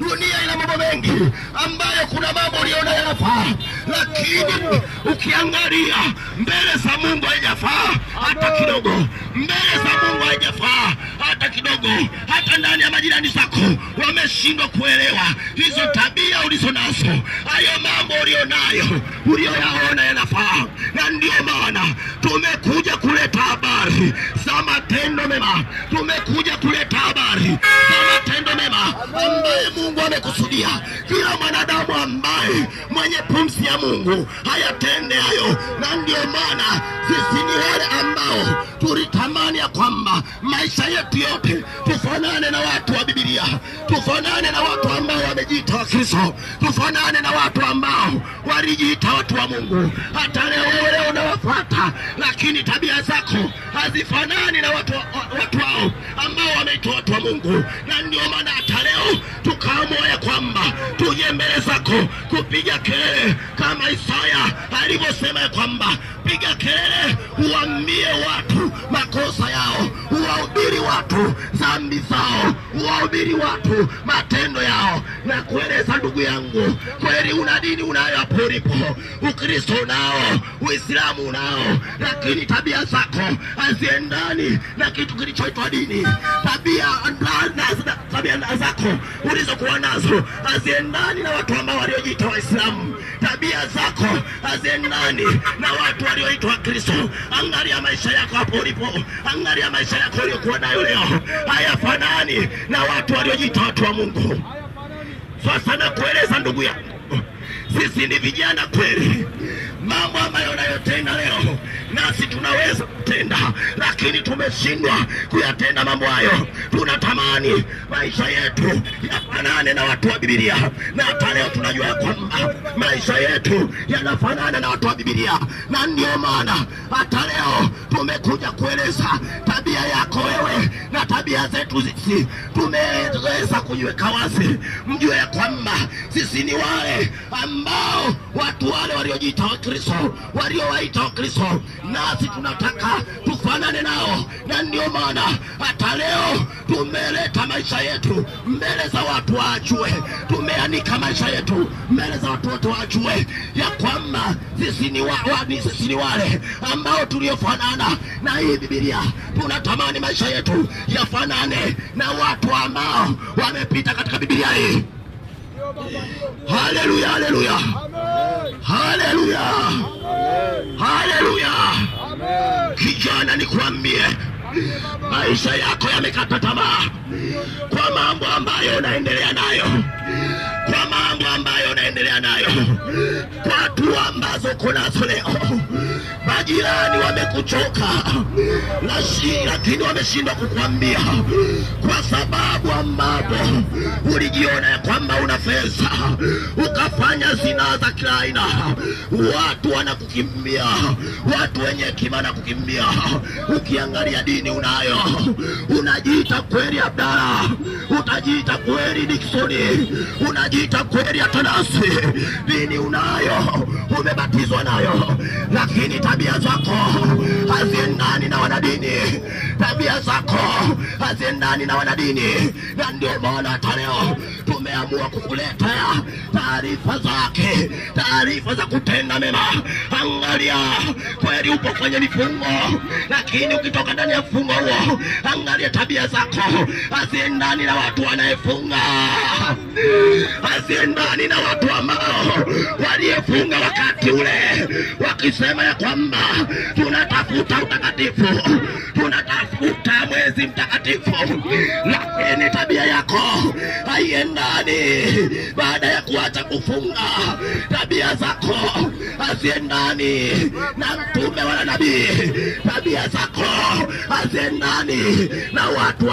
Dunia ina mambo mengi ambayo kuna mambo uliona yanafaa, lakini ukiangalia mbele za Mungu haijafaa hata kidogo, mbele za Mungu haijafaa hata kidogo. Hata ndani ya majirani zako wameshindwa kuelewa hizo tabia ulizo nazo, hayo mambo ulionayo, ulioyaona yanafaa, na ndio maana tumekuja kuleta habari za matendo mema, tumekuja amekusudia. Kila mwanadamu ambaye mwenye pumzi ya Mungu hayatende hayo, na ndio maana sisi ni wale ambao tulitamani ya kwamba maisha yetu yote tufanane na watu wa Biblia, tufanane na watu ambao wamejiita Wakristo, tufanane na watu ambao walijiita watu wa Mungu. Hata leo wewe unawafuata, lakini tabia zako hazifanani na watu, watu wao ambao wameitwa watu wa Mungu, na ndio maana yako kupiga kelele kama Isaya alivyosema kwamba piga kelele, uambie watu makosa yao kuwahubiri watu dhambi zao, kuwahubiri watu matendo yao na kueleza, ndugu yangu, kweli una dini unayo hapo ulipo, Ukristo unao, Uislamu unao, lakini tabia zako haziendani na kitu kilichoitwa dini. Tabia tabia zako ulizokuwa nazo haziendani na watu ambao waliojiita Waislamu. Tabia zako haziendani na watu walioitwa Kristo. Angalia maisha yako hapo ulipo, angalia maisha yako watu waliokuwa nayo leo hayafanani na watu waliojita watu wa Mungu. Sasa nakueleza ndugu yangu, sisi ni vijana kweli mambo ambayo unayotenda leo, nasi tunaweza kutenda, lakini tumeshindwa kuyatenda mambo hayo. Tunatamani maisha yetu yafanane na watu wa bibilia na hata leo tunajua kwamba maisha yetu yanafanana na watu wa bibilia na ndio maana hata leo tumekuja kueleza tabia yako wewe na tabia zetu zisi Tumeweza kujiweka wazi, mjue ya kwamba sisi ni wale ambao watu wale waliojiita Wakristo Wakristo waliowaita Kristo, nasi tunataka tufanane nao, na ndio maana hata leo tumeleta maisha yetu mbele za watu waajue, tumeanika maisha yetu mbele za watu wote waajue ya kwamba sisi ni, wa, wa, ni, sisi ni wale ambao tuliofanana na hii Biblia. Tunatamani maisha yetu yafanane na watu ambao wamepita katika Biblia hii. Haleluya, haleluya. Haleluya, haleluya. Kijana, nikwambie maisha yako yamekata tamaa kwa mambo ambayo unaendelea nayo, kwa mambo ambayo unaendelea nayo, kwa hatua ambazo kunazo leo majirani wamekuchoka na shii, lakini wameshindwa kukwambia, kwa sababu ambapo ulijiona ya kwamba una pesa ukafanya zinaa za kila aina, watu wanakukimbia, watu wenye hekima kukimbia. Ukiangalia dini unayo, unajiita kweli Abdala, utajiita kweli Diksoni, unajiita kweli Atanasi, dini unayo, umebatizwa nayo, lakini tabia zako haziendani na wanadini, tabia zako haziendani na wanadini, na ndio maana hata leo tumeamua kukuletea taarifa zake, taarifa za kutenda mema. Angalia, kweli upo kwenye mifungo, lakini ukitoka ndani ya mfungo huo, angalia tabia zako haziendani na watu wanayefunga, haziendani na watu ambao waliyefunga wakati ule wakisema ya kwamba tunatafuta utakatifu, tunatafuta mwezi mtakatifu, lakini tabia yako haiendani. Baada ya kuacha kufunga, tabia zako haziendani na mtume wala nabii, tabia zako haziendani na watu